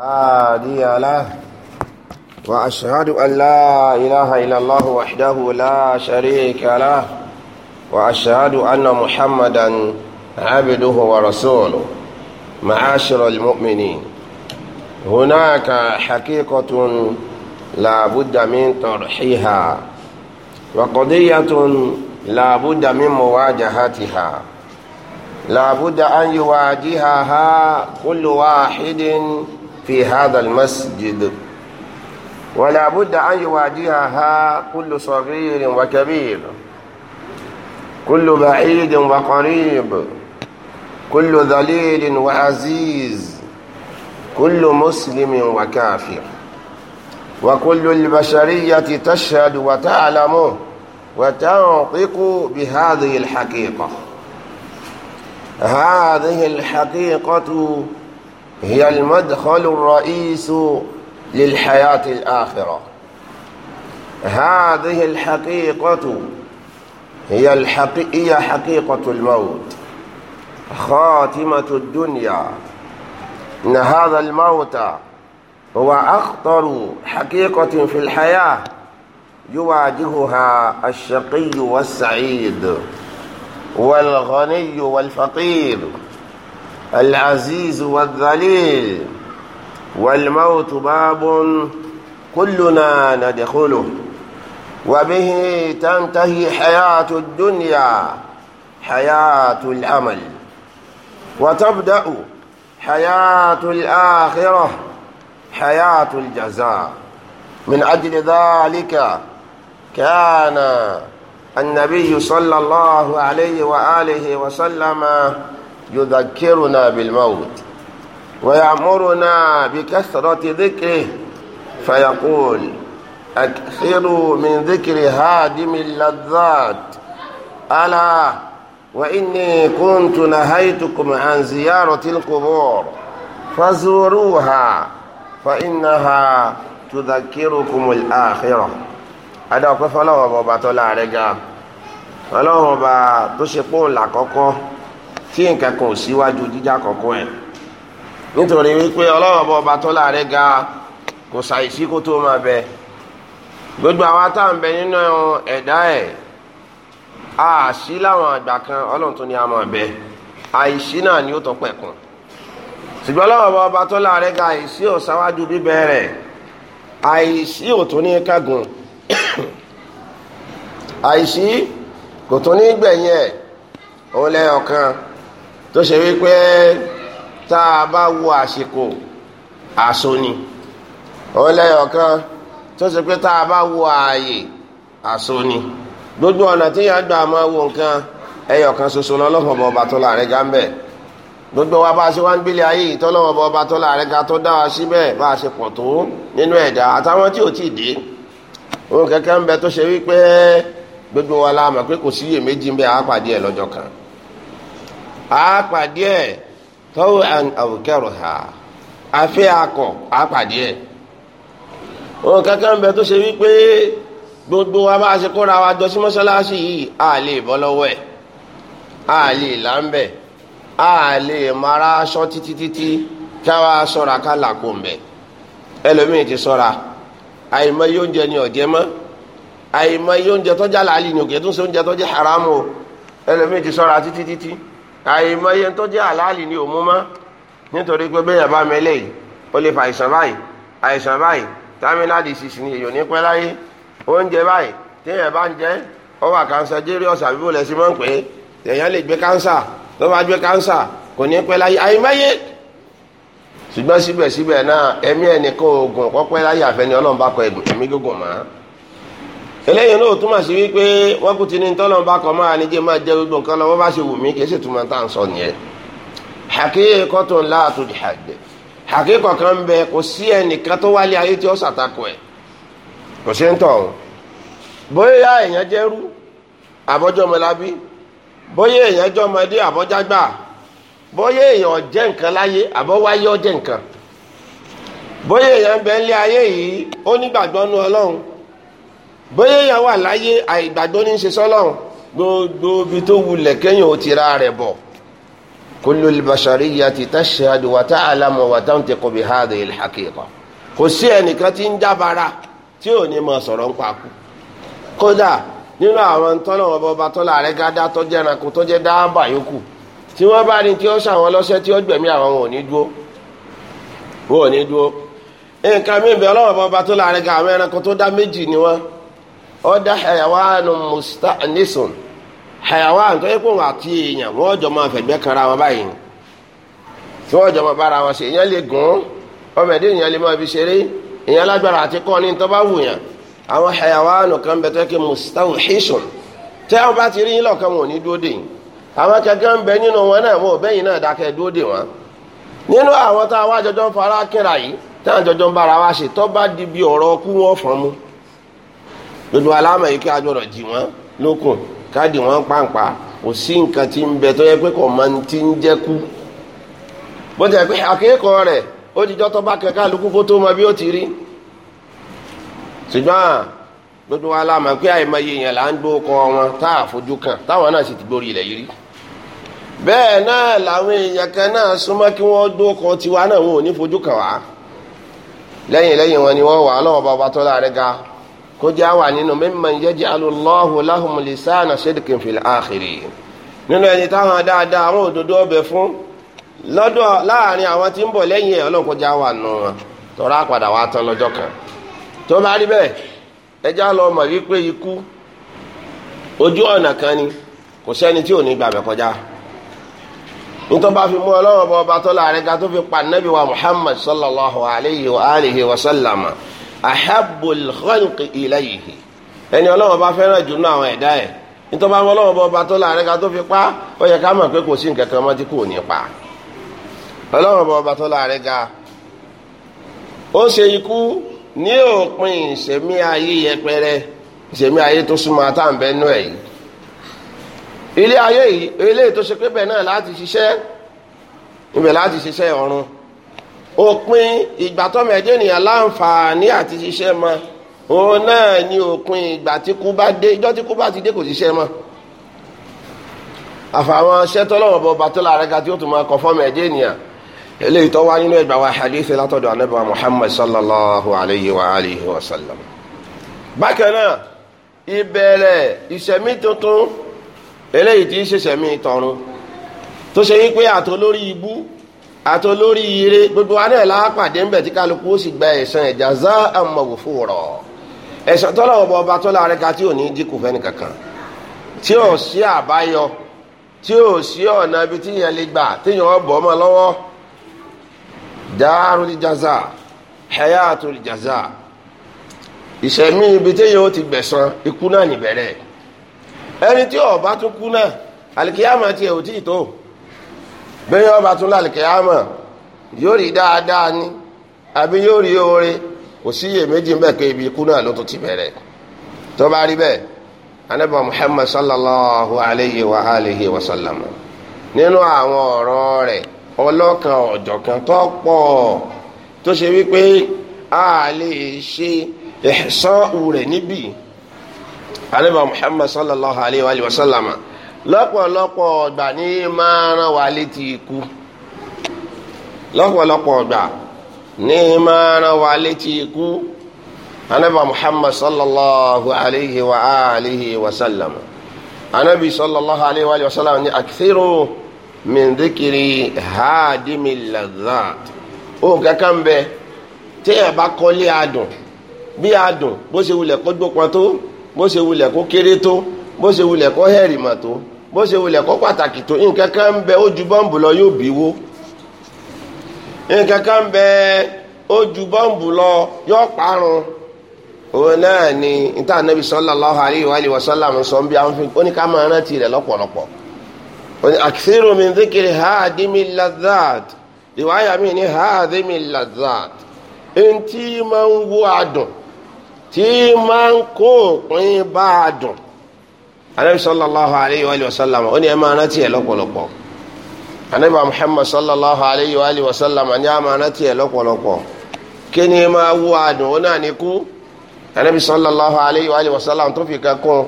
هادي له وأشهد أن لا إله إلا الله وحده لا شريك له وأشهد أن محمدا عبده ورسوله معاشر المؤمنين هناك حقيقة لا بد من طرحها وقضية لا بد من مواجهتها لا بد أن يواجهها كل واحد في هذا المسجد ولا بد أن يواجهها كل صغير وكبير كل بعيد وقريب كل ذليل وعزيز كل مسلم وكافر وكل البشرية تشهد وتعلم وتنطق بهذه الحقيقة هذه الحقيقة هي المدخل الرئيس للحياة الآخرة هذه الحقيقة هي, الحقي... هي حقيقة الموت خاتمة الدنيا إن هذا الموت هو أخطر حقيقة في الحياة يواجهها الشقي والسعيد والغني والفقير العزيز والذليل والموت باب كلنا ندخله وبه تنتهي حياة الدنيا حياة العمل وتبدأ حياة الآخرة حياة الجزاء من أجل ذلك كان النبي صلى الله عليه وآله وسلم يذكرنا بالموت ويأمرنا بكثرة ذكره فيقول أكثروا من ذكر هادم اللذات ألا وإني كنت نهيتكم عن زيارة القبور فزوروها فإنها تذكركم الآخرة هذا أقف الله أبو بطل عليك الله أبو تشقون لكوكو tí nǹkan kan ò síwájú jíjà kọ̀ọ̀kan ẹ̀ nítorí wípé ọlọ́run bọ́ ọba tó láàrẹ́ ga kò ṣàìsí kó tó máa bẹ gbogbo àwa tá à ń bẹ nínú ẹ̀dá ẹ̀ àṣì láwọn àgbà kan ọlọ́run tó ní a máa bẹ ni ó tọ́ pẹ̀kùn ṣùgbọ́n ọlọ́run bọ́ ọba tó láàrẹ́ ga àìsí ò ṣáwájú rẹ̀ àìsí ò ní kágun àìsí kò ní gbẹ̀yìn ẹ̀ tó ṣe wípé tá a bá wo àsìkò àṣọ ni ó lẹ́yọ̀kan tó ṣe pé tá a bá wo ààyè àṣọ ni gbogbo ọ̀nà tí yàn gbà máa wo nǹkan ẹyọ̀kan ṣoṣo ọba tó láàrin ga gbogbo wa bá a ṣe wá ń ọba tó láàrin ga tó dá wa bá a ṣe pọ̀ tó nínú ẹ̀dá àtàwọn tí ò tí gbogbo wa la mọ̀ pé kò ń bẹ àápàdé ẹ̀ lọ́jọ́ kan a pàdé ẹ̀ tọ́wọ́ and àwòkẹ́rù ha afẹ́ a pàdé ẹ̀ wọn kankan bẹ tó ṣe wípé gbogbo wa bá a ṣe kóra wa jọ sí mọ́ṣáláṣí yìí a lè bọ́ lọ́wọ́ ẹ̀ a lè láńbẹ̀ a lè mara aṣọ títí títí ká wa sọ̀ra ká làkó mbẹ̀ ti sọ̀ra àìmọye oúnjẹ ni ọ̀jẹ̀ mọ́ àìmọye oúnjẹ tọ́jà làálì ni òkè tó ń ṣe oúnjẹ tọ́jà haramu ti sọ̀ra àìmọye tó jẹ́ àlàálì ni òmu mọ́ nítorí pé bẹ́ẹ̀ bá mẹ́lẹ̀ yìí ó lè fa àìsàn báyìí àìsàn báyìí terminal disease ni èyàn ní pẹ́ láyé oúnjẹ báyìí téèyàn bá ń jẹ ó wà cancer serious àbí bó lẹ̀ sí mọ́ pé èèyàn lè gbé cancer tó bá gbé cancer kò ní pẹ́ láyé àìmọye ṣùgbọ́n síbẹ̀síbẹ̀ náà ẹ̀mí ẹnìkan oògùn kọ́pẹ́ láyé àfẹ́ni ọlọ́run bá kọ ẹ̀mí gígùn mọ́ eléyìí náà túmọ̀ sí wípé wọ́n kú ti ní tọ́lọ̀ bá kọ́ máa níjẹ́ máa jẹ́ gbogbo nǹkan lọ́wọ́ bá ṣe wù mí kìí sì túmọ̀ tá à ń sọ nìyẹn. hakíkọ́ tó ń láàtò jihadẹ hakíkọ́ kan bẹ kò sí ẹnìkan tó wálé ayé tí ó ṣàtakò ẹ̀ kò sí ń tọ̀hún. bóyá èèyàn jẹ́rú àbọ́jọ́mọlábí bóyá èèyàn àbọ́jágbà bóyá èèyàn jẹ́ nǹkan bóyá èèyàn wà láyé àìgbàgbọ́ ní í ṣe sọ́lọ́run gbogbo ibi tó wulẹ̀ kẹ́yìn ó ti ra rẹ̀ bọ̀ kullul bashariyati tashhadu wa ta'lamu wa tantiqu bi hadhihi al-haqiqa kò sí ẹnìkan tí ń jábára tí ò ní máa sọ̀rọ̀ ń pakú kódà nínú àwọn tọ́lọ̀ ọba ọba tọ́lọ̀ ààrẹ gádá ẹranko tó jẹ́ yòókù tí wọ́n bá ní tí ó ṣàwọn lọ́sẹ̀ tí ó gbẹ̀mí àwọn wọn ò ní dúró wọn ò ní dúró nǹkan mìíràn ọlọ́wọ́ ọba tọ́lọ̀ ààrẹ àwọn ẹranko tó dá méjì ni wọ́n ọdá hayawaanu musta'nisun hayawaanu tó yẹ kó wọn àti èèyàn wọn jọ máa fẹ̀gbẹ́ kanra wọn báyìí tí wọn jọ máa bára wọn ṣe èèyàn lè gùn ọmọ ẹdín lè máa fi ṣeré lágbára àti tó bá wù yàn àwọn hayawaanu kan bẹ tó yẹ kó wọn bá ti rí yín lọ́kàn wọn ò ní dúró dè àwọn kankan bẹ nínú wọn náà wọn ò bẹ́yìn náà dákẹ́ gbogbo alámọ̀ yìí kí a jọrọ jì wọ́n lókun káàdì wọ́n pàǹpà kò sí nǹkan tí ń bẹ tó yẹ pé kò máa ti ń jẹ́ kú bó ti yẹ pé akẹ́kọ̀ọ́ rẹ̀ ó ti jọ́ bá kẹ kálukú tó mọ bí ó ti rí ṣùgbọ́n gbogbo alámọ̀ pé àìmọye yẹn là ń wọn tá a fojú kan táwọn náà sì ti gbórí ilẹ̀ yìí bẹ́ẹ̀ náà làwọn èèyàn kan náà súnmọ́ kí wọ́n tiwa náà wọn ò ní fojú wá lẹ́yìn lẹ́yìn kó jẹ́ àwà nínú mimman yaj'alu Allahu lahum lisana sidqin fil akhirin nínú ẹni táwọn dáadáa àwọn òdodo ọbẹ̀ fún lọ́dọ̀ láàrin àwọn tí ń bọ̀ lẹ́yìn ẹ̀ ọlọ́run kó jẹ́ àwà nù wọn tọ́ra padà wá tán lọ́jọ́ kan tó bá rí bẹ́ẹ̀ ẹjá lọ mọ̀ wípé ikú ojú ọ̀nà kan ni kò sẹ́ni tí ò ní gbàgbẹ́ kọjá nítorí bá fi mú ọlọ́run bọ́ ọba tó láàrin ga tó fi pa nẹ́bí wa Muhammad sallallahu alayhi wa alihi ahabul khalqi ilayhi ẹni ọlọ́wọ́n bá fẹ́ràn jù nínú àwọn ẹ̀dá ẹ̀ nítorí bá ọlọ́wọ́n bá ọba tó láàrin ká tó fi pa ó yẹ ká mọ̀ pé kò sí nǹkan kan mọ́ tí kò ní pa ọlọ́wọ́n bá ọba tó láàrin ká ó ṣe ikú ní òpin ìṣẹ̀mí ayé yẹpẹrẹ ìṣẹ̀mí ayé tó súnmọ́ àtàǹbẹ́ nú ẹ̀ yìí ilé ayé yìí eléyìí tó ṣe pé náà láti ṣiṣẹ́ ibẹ̀ láti ṣiṣẹ́ ọ̀run òpin ìgbà tọ́mọ ẹ̀dẹ́ ènìyàn láǹfààní àti ṣiṣẹ́ mọ́ òun náà ni òpin ìgbà tí kú bá dé ìjọ́ tí kú bá ti dé kò àfàwọn bọ bàtọ́ láàrẹ́ ga tí ó tún máa kọ fọ́mọ ẹ̀dẹ́ nínú ẹgbàá wa hadith látọ̀dọ̀ anábà Muhammad sallallahu alayhi wa wa sallam tuntun eléyìí tí ṣe tó ṣe pé àtò lórí ibú àti ire gbogbo wa lápàdé ń tí kálukú ó sì gba ẹ̀san ẹ̀já zá àmọ̀wò fòrọ̀ ẹ̀san tọ́lọ̀ ọba ọba tọ́lọ̀ arẹ́ka tí ò ní dínkù fẹ́ni kankan tí ò sí àbáyọ tí ò sí ọ̀nà ibi tí yẹn lè gbà tí yẹn bọ̀ ọmọ lọ́wọ́ dáàrú ti bẹ́ẹ̀ ọba tún lálẹ́kẹ̀ àmọ́ yóò rí dáadáa ní àbí yóò rí oore kò sí iye méjì ń bẹ̀ pé ibi ikú náà ló tún ti bẹ̀rẹ̀ tó bá rí bẹ́ẹ̀ anábà Muhammad sallallahu alayhi wa alihi wa sallam nínú àwọn ọ̀rọ̀ rẹ̀ ọlọ́kan ọ̀jọ̀kan tó pọ̀ tó ṣe wípé a lè ṣe ihsan rẹ̀ níbí anábà Muhammad sallallahu alayhi wa sallam lọ́pọ̀lọpọ̀ ọ̀gbà ní máa rán wa létí ikú lọ́pọ̀lọpọ̀ ọ̀gbà ní máa rán wa létí ikú anábà muhammad sallallahu alayhi wa alihi wa sallam anábì sallallahu alayhi wa sallam ní akithiru min dhikri haadimi ladhat ó bẹ tí ẹ bá kọ́lé adùn bí adùn bó ṣe wulẹ̀ kó gbópọn tó bó ṣe wulẹ̀ kó kéré tó bó ṣe wulẹ̀ kó hẹ́rìmọ̀ tó bó ṣe wulẹ̀ kọ́ pàtàkì tó nǹkan kan ń bẹ ó bọ́ǹbù lọ yóò bí wó nǹkan kan ń bẹ bọ́ǹbù lọ yóò parun òun náà ni níta anabi sallallahu alayhi wa alihi wa sallam sọ bí àwọn fi oníkà máa rántí rẹ̀ lọ́pọ̀lọpọ̀ ni ntí máa ń tí máa anabi sallallahu alayhi wa sallam ó ní ẹ máa rántí ẹ lọ́pọ̀lọpọ̀ anabi muhammad sallallahu alayhi wa sallam ní a máa rántí ẹ lọ́pọ̀lọpọ̀ kí ni ẹ máa wú àdùn ó náà ní kú anabi sallallahu alayhi wa sallam tó fi kan kún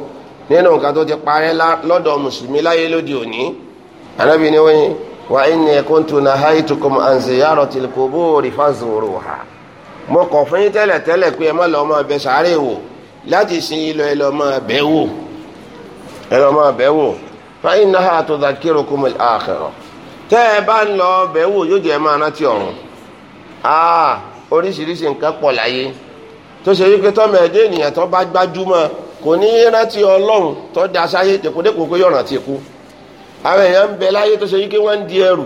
nínú nǹkan tó ti parẹ́ lọ́dọ̀ mùsùlùmí láyé lóde òní anabi ni wọ́n wà inni kuntu nahaytukum an ziyaratil quburi fazuruha mo kọ̀ fún yín tẹ́lẹ̀ tẹ́lẹ̀ pé ẹ má lọ́ọ́ máa bẹ sàárè wò láti sin ilọ̀ ẹ lọ́ọ́ máa bẹ̀ wò. ẹ̀rọ máa bẹ̀ wò fáyín náà àtọ́dá kérò kó mọ̀ tẹ́ ẹ bá ń lọ bẹ̀ wò yóò jẹ́ máa rántí ọ̀run ah, oríṣiríṣi nǹkan pọ̀ láyé tó ṣe tọ́mọ ẹ̀dẹ́ ènìyàn tó bá gbájúmọ́ kò ní rántí ọlọ́run tó da sáyé pé yọ̀ràn ti kú àwọn èèyàn ń bẹ láyé tó ṣe wípé wọ́n ń di ẹrù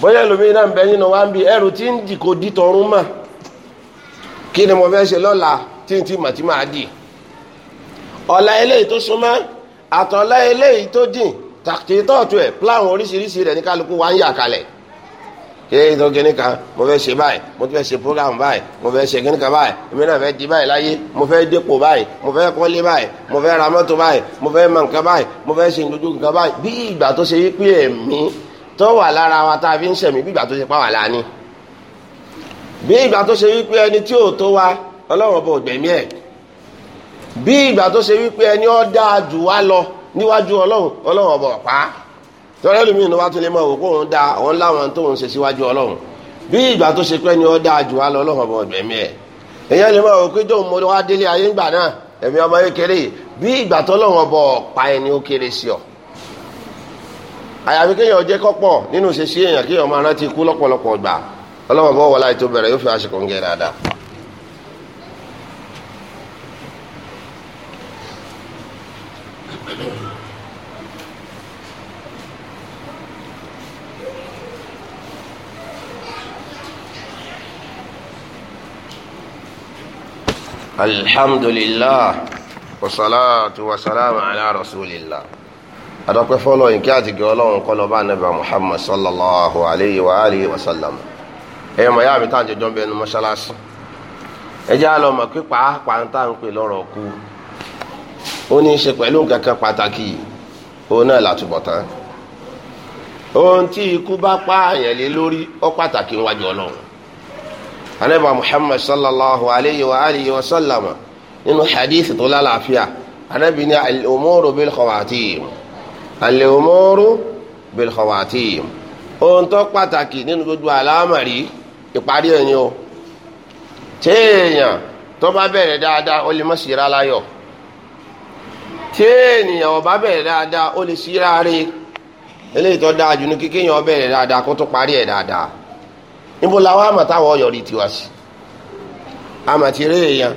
bóyá náà ń bẹ nínú wa ń bi ẹrù tí ń dì kò tọrún mọ́ kí àtànlá eléyìí tó dìn tàkìtọ́ọ̀tù ẹ̀ pláwọn oríṣiríṣi rẹ̀ ní kálukú wa ń yà kalẹ̀ kéèyàn tó kíní kan mo fẹ́ ṣe báyìí mo fẹ́ ṣe program báyìí mo fẹ́ ṣe kíní kan báyìí èmi náà fẹ́ di báyìí láyé mo fẹ́ dépò báyìí mo fẹ́ kọ́lé báyìí mo fẹ́ ra mọ́tò báyìí mo fẹ́ mọ nǹkan báyìí mo fẹ́ ṣe ìdójú nǹkan báyìí bí ìgbà tó ṣe pé ẹ̀mí tó wà lára wa tá a fi ń ṣẹ̀mí bí ìgbà tó ṣe pa wà láàánú bí ìgbà tó ṣe pé ẹni tí ò tó wa ọlọ́run ọba ògbẹ̀mí ẹ̀ bí ìgbà tó ṣe wípé ẹni ó dáa jù wá lọ níwájú ọlọ́run ọlọ́run ọ̀bọ̀ pa tọ́lá lómi ìnáwó wa tún lè mọ òwò kó òun da òun láwọn tó òun ṣe síwájú ọlọ́run bí ìgbà tó ṣe pé ẹni ó dáa jù wá lọ ọlọ́run ọ̀bọ̀ ẹ̀mí ẹ̀ èyàn lè mọ òwò pé jọ̀ọ́ mo wá délé ayé ńgbà náà ẹ̀mí ọmọ yẹn kéré bí ìgbà tọ́lọ́run ọ̀bọ̀ pa ẹni ó kéré sí ọ àyàfi kéèyàn jẹ́ kọ́pọ̀ nínú ṣe sí èèyàn kéèyàn máa rántí ikú lọ́pọ̀lọpọ̀ gbà ọlọ́run ọ̀bọ̀ wọlá ètò bẹ̀rẹ̀ yóò fi àṣekọ̀ǹgẹ̀ dáadáa alhamdulillah wa wasalaamu ala rasulillah adọ́pẹ́ fọ́lọ́ yìí kí a ti gẹ ọlọ́run kọ́ muhammad sallallahu alayhi wa alihi wa sallam ẹ̀yọ́ mọ̀ yá mi tá à ń mọ̀ pé pàápàá ń tà ń pè lọ́rọ̀ kú anabi muhammad sallallahu alayhi wa alihi wa sallama nínú hadith tó lálàáfíà anabi ní al-umuru bil khawatim al-umuru bil khawatim ohun tó pàtàkì nínú gbogbo àlámàrí ìparí ẹni o téèyàn tó bá bẹ̀rẹ̀ dáadáa ó lè má sí ra láyọ̀ téèyàn ó bá bẹ̀rẹ̀ dáadáa ó lè sí ra rí eléyìí tó dáa jù ní kíkéèyàn ó bẹ̀rẹ̀ dáadáa níbo la wá àmàtàwọ̀ ọ̀yọ̀rì tiwa sí àmàtìrẹ́ èèyàn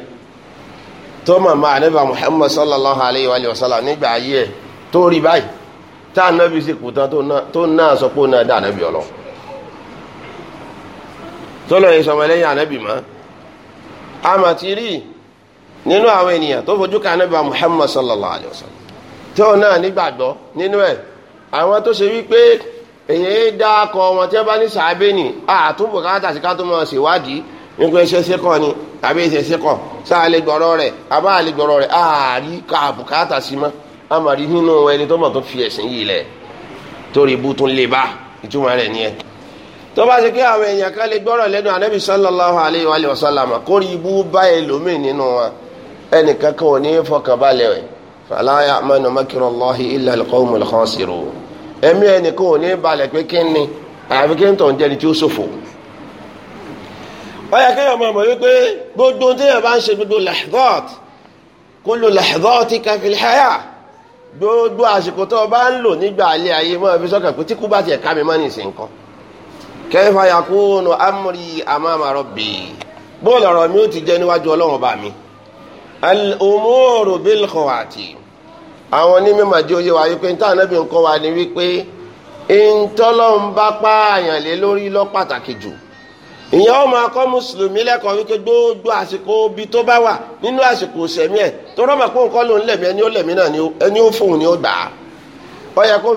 tó màmá ànábà Muhammad sallallahu alayhi wa sallam nígbà ayé ẹ̀ tó rí báyìí tá ànábì sì kú tán tó náà sọ pé ó náà dá ànábì ọlọ tó lọ yẹ sọmọ lẹ́yìn ànábì mọ́ àmàtìrẹ́ nínú àwọn ènìyàn tó fojú kan ànábà Muhammad sallallahu alayhi wa sallam tó náà nígbàgbọ́ nínú ẹ̀ àwọn tó ṣe wípé èyí dákọ wọn tí wọn bá ní sàábé ni àtúbọ̀ káàtà sí ká tó máa ṣèwádìí nípa iṣẹ́ ṣẹ́kọ̀ ni tàbí iṣẹ́ ṣẹ́kọ̀ sáà lè gbọ́rọ̀ rẹ̀ àbá lè gbọ́rọ̀ rẹ̀ àárí ká bùkátà sí mọ́ àmàrí nínú ẹni tó mọ̀ tó fi ẹ̀sìn yìí lẹ̀ torí ibú tún lè bá ìtumọ̀ rẹ̀ ni ẹ. tó bá ṣe kí àwọn èèyàn kan lè gbọ́rọ̀ lẹ́nu ànábì sallallahu alayhi wa sallam kórì ibú bá ẹlòmíì nínú wọn ẹnìkan kan ò ní fọkànbalẹ̀ fala ya'manu makra Allahi illa ẹ̀mí ẹnìkan ò ní balẹ̀ pé kí ni àyàfi kí n tọ̀ ń jẹ́ni tí ó ṣòfò ó yẹ kéèyàn máa mọ̀ wípé gbogbo téèyàn bá ń ṣe gbogbo lahdhat kullu lahdhatika fil hayah gbogbo àsìkò tó o bá ń lò nígbà alẹ́ ayé mọ́ ẹbí sọ́kàn pé tí kú bá tiẹ̀ ká mi mọ́ ní ìsìn kan kayfa yakunu amri amama rabbi bóòlù ọ̀rọ̀ mi ó ti jẹ́ níwájú ọlọ́run bá mi al umuru bil khawatim àwọn onímọ̀ di oyè wa wípé níta náà bí nǹkan wa ni wípé ntọ́lọ́run bá pààyàn lé lórí lọ pàtàkì jù ìyẹn ọmọ akọ mùsùlùmí lẹ́kọ̀ọ́ wípé gbogbo àsìkò obi tó bá wà nínú àsìkò sẹ̀mí ẹ̀ tó rọ́mà pé nǹkan lẹ̀mí ẹni ó lẹ̀mí náà ẹni ó fóun ni ó gbà á kó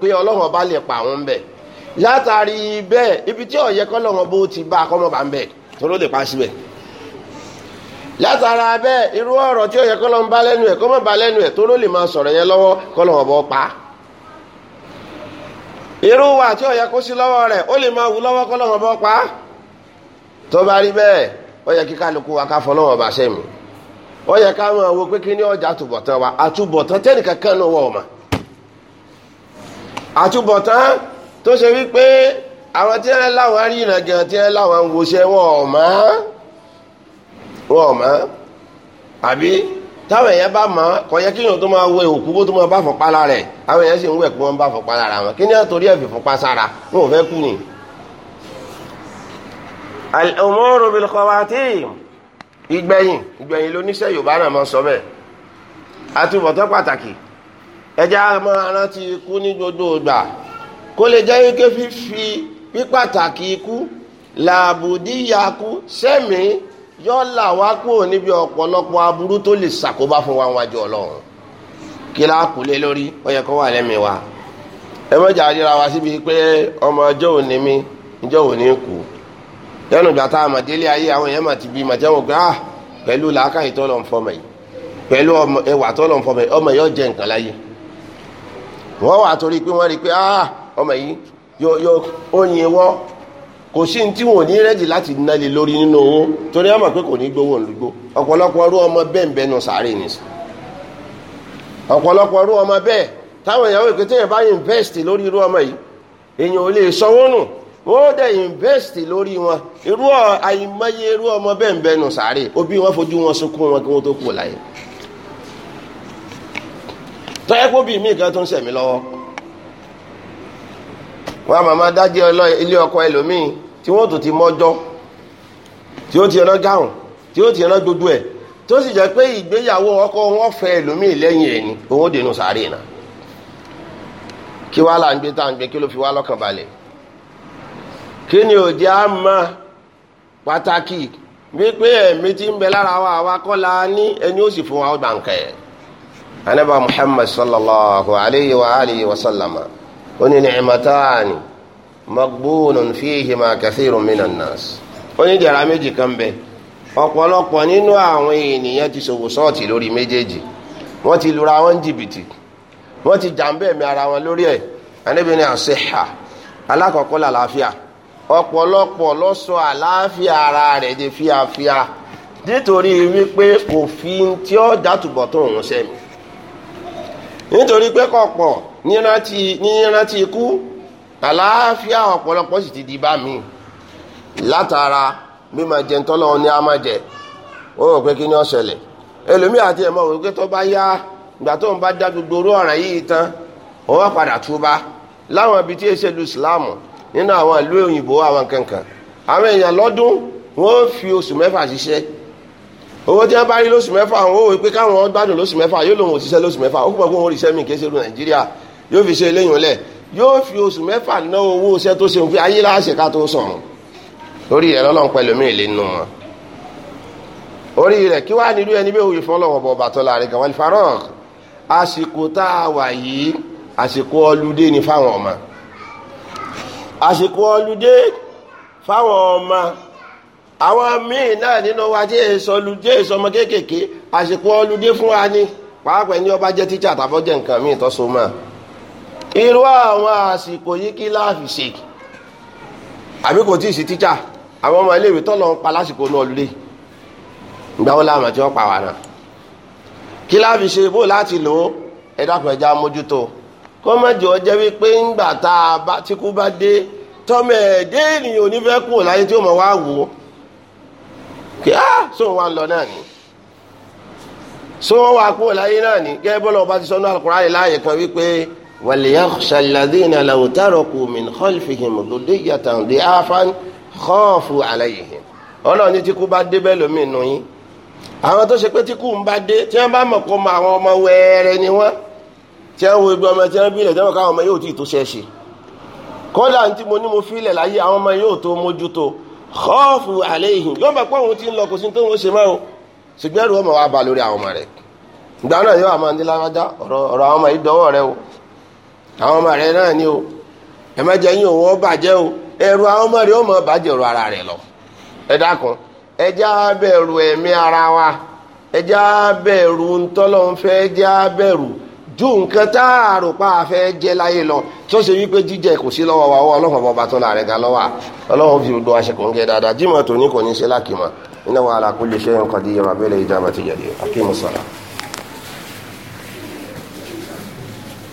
pé ọlọ́run ọba lè pa àwọn bẹ́ẹ̀ ibi tí bó bá ń látara abẹ irú ọrọ tí ó yẹ bá lẹ́nu ẹ̀ kọ́ bá lẹ́nu ẹ̀ lè máa yẹn pa irú wa tí ó kó sí lọ́wọ́ rẹ̀ ó lè máa wù pa tó bá rí bẹ́ẹ̀ ó kí kálukú wa ká bá ṣe mi ká máa wo pé kí wa àtúbọ̀tán náà wọ̀ àtúbọ̀tán tó ṣe wípé àwọn tí láwọn ìrìnàjò láwọn wọn ò mọ̀ àbí táwọn èèyàn bá mọ̀ kọjá kíyàn tó máa wẹ òkú bó tó máa bá fọpá lára rẹ̀ àwọn èèyàn sì ń wẹ̀ pé wọ́n bá fọpá lára wọn kí ni wọ́n torí ẹ̀fì fọpá sára wọn ò fẹ́ kú ni. al-umuru bil khawatim ìgbẹ̀yìn ìgbẹ̀yìn lóníṣẹ́ yorùbá náà máa sọ bẹ́ẹ̀ àtúbọ̀tán pàtàkì ẹja máa rántí ikú ní gbogbo ìgbà kó lè jẹ́ wípé fífi pípàtàkì ikú làbùdíyà kú yóò là wá kúrò níbi ọ̀pọ̀lọpọ̀ aburú tó lè ṣàkóbá fún wa wájú ọlọ́run kí la kù lé lórí ó yẹ kó wà wa ẹ mọ̀jà wa síbi ọmọ ọjọ́ òní mi ọjọ́ òní kù lẹ́nu ìgbà tá a mọ̀ délé ayé àwọn èèyàn mà ti bí ah, lọ ń fọmọ yìí pẹ̀lú ẹwà tó lọ ń fọmọ ọmọ yìí ó jẹ nǹkan láyé wọ́n wà torí pé wọ́n rí ah, ọmọ yìí yóò kò sí ní tí wọn ò ní rẹ́dì láti ná lé lórí nínú owó torí àmọ̀ pé kò ní gbowó olùgbò ọ̀pọ̀lọpọ̀ ọrú ọmọ bẹ́ẹ̀ bẹ́ẹ̀ nù sàárè nìsí ọ̀pọ̀lọpọ̀ ọrú ọmọ bẹ́ẹ̀ táwọn ìyàwó ìpínlẹ̀ tẹ́yẹ̀ bá invest lórí irú ọmọ yìí èèyàn ò lè sanwó nù wọ́n dẹ̀ invest lórí wọn irú àìmọye irú ọmọ bẹ́ẹ̀ bẹ́ẹ̀ nù sàárè òbí wọn fojú wọn sunkún wọn kí wọ́n tó kú láyé tọ́yẹ́pọ̀ bíi mí kan tó ń sẹ̀mí lọ́wọ́ wọn daji ọlọ ilé ọkọ ẹlòmíì tí tó ti mọjọ tí ó ti ẹ̀rọ gáhùn tí ó ti ẹ̀rọ gbogbo tí tó sì jẹ pé ìgbéyàwó ọkọ wọn fẹ́ ẹlòmíì lẹ́yìn ẹ̀yìn òun ó dènù sáré kí wàá là ń gbé tá à ń gbé kí ló fi wá lọ́kàn kí ni ò jẹ́ àmà pàtàkì wípé ẹ̀mí tí ń bẹ lára wa àwa kọ́ la ní ẹni ó sì fún wa ó Muhammad sallallahu alayhi wa wa ó ni'matani magbunun fihima kathirun minan nas ó ní jàrá meji kan ọ̀pọ̀lọpọ̀ nínú àwọn ènìyàn ti ṣòwò sọ́ọ̀tì lórí méjèèjì wọ́n ti lura wọn jìbìtì wọ́n ti jàǹbẹ́ ẹ̀mí ara wọn lórí ẹ̀ Ànábì ní ha alákọ̀ọ́kọ́ làlàáfíà ọ̀pọ̀lọpọ̀ ló àlàáfíà ara rẹ̀ di fíafíà nítorí wípé tí ó dátùbọ̀ tó nítorí pé kọ̀pọ̀ nírántí ikú àlàáfíà ọ̀pọ̀lọpọ̀ sì ti di bá mi látara bí máa jẹ ntọ́lọ́ ní a máa jẹ ó rò pé kí ni ó ẹlòmíì àti ẹ̀mọ́ òwe pé tó bá yá ìgbà tó ń bá dá gbogbo orú ọ̀ràn yìí tán òun wá padà túbá láwọn ibi tí èyí ṣe lu ìsìláàmù nínú àwọn ìlú òyìnbó àwọn kankan àwọn èèyàn lọ́dún wọ́n fi oṣù mẹ́fà ṣiṣẹ́ owó tí wọ́n bá rí lóṣù mẹ́fà àwọn òwe pé káwọn gbádùn lóṣù mẹ́fà yóò lòun òṣìṣẹ́ lóṣù mẹ́fà ó pọ̀ pé òun òṣìṣẹ́ mi kì í ṣe lu nàìjíríà yóò fi ṣe eléyìí lẹ̀ yóò fi oṣù mẹ́fà ná owó iṣẹ́ tó ṣe òfin ayé láṣẹ ká tó sàn lórí rẹ̀ lọ́lọ́run pẹ̀lú mi ìlé nù wọn. orí rẹ̀ kí wàá nílùú ẹni bẹ́ẹ̀ òye fọlọ́wọ́ bọ̀ bàtọ́ la rẹ̀ kàwọn ìfarọ́ àsìkò tá a wà ni fáwọn ọmọ àsìkò ọlùdé fáwọn ọmọ àwọn míì náà nínú wa jẹ́ ìsọlù jẹ́ ìsọmọ kéékèèké àsìkò ọlùdé fún wa ni pàápàá ẹni ọba jẹ́ tíṣà tàbọ̀ jẹ́ nǹkan míì tọ́sọ mọ́ irú àwọn àsìkò yìí kí láàfì ṣe àbí kò tíì sí tíṣà àwọn ọmọ iléèwé tọ́lọ̀ ń pa lásìkò náà lulẹ̀ ìgbà wo láàmú tí wọ́n pa wà náà kí láàfì ṣe bó láti lò ó ẹ dákun ẹja mójútó kó má jọ jẹ́ wípé ńgbà tá a bá tí bá dé tọ́mọ ẹ̀ẹ́dẹ́ ènìyàn ò ní fẹ́ kú láyé tí ó mọ̀ wá wò ó kí á ah! sóun wá ń lọ náà ni sóun wá kúrò láyé náà ni gẹ́gẹ́ bọ́lá ọba ti sọ náà Al-Qur'an àyè láàyè kan wípé wal yakhsha alladhina law taraku min khalfihim dhurriyyatan di'afan khafu alayhim ọlọ́run ní tíkú bá dé bẹ́ẹ̀ lómi nù yín àwọn tó ṣe pé tíkú ń bá dé tí wọ́n bá mọ̀ kó mọ àwọn ọmọ wẹ́ẹ́rẹ́ ni wọ́n tí wọ́n wo ibi ọmọ tí wọ́n bí ilẹ̀ káwọn ọmọ yóò tí ì tó ṣẹ́ṣe kódà ní tí mo ní mo fi láyé àwọn ọmọ yóò tó mójútó kọ́ọ̀fù àléhìn yóò bá pọ́n òun ti ń lọ kò sí tó ń ṣe máa ń ṣùgbọ́n ẹrù ọmọ wa bá lórí àwọn ọmọ rẹ̀ ìgbà náà yóò àmọ́ ní lágbájá ọ̀rọ̀ àwọn ọmọ yìí dọ́wọ́ rẹ o àwọn ọmọ rẹ náà ni o ẹ má jẹ́ yín òun ó bàjẹ́ o ẹrù àwọn ọmọ rẹ ó mọ̀ bàjẹ́ ru ara rẹ lọ ẹ dákun ẹ já bẹ̀rù ẹ̀mí ara wa ẹ já bẹ̀rù ntọ́lọ́ ju nǹkan tá a rò pa àfẹ́ jẹ láyé lọ tí ó ṣe wípé jíjẹ kò sí lọ́wọ́ wa ọwọ́ ọlọ́run ọba tó la rẹ̀ ga lọ́wọ́ ọlọ́run fi gbogbo aṣẹ kò ń gẹ dáadáa jímọ̀ tòní kò ní ṣe lákìmọ̀ inna wa ala kulli shay'in qadir rabbil ijabati jadid aqimus salah.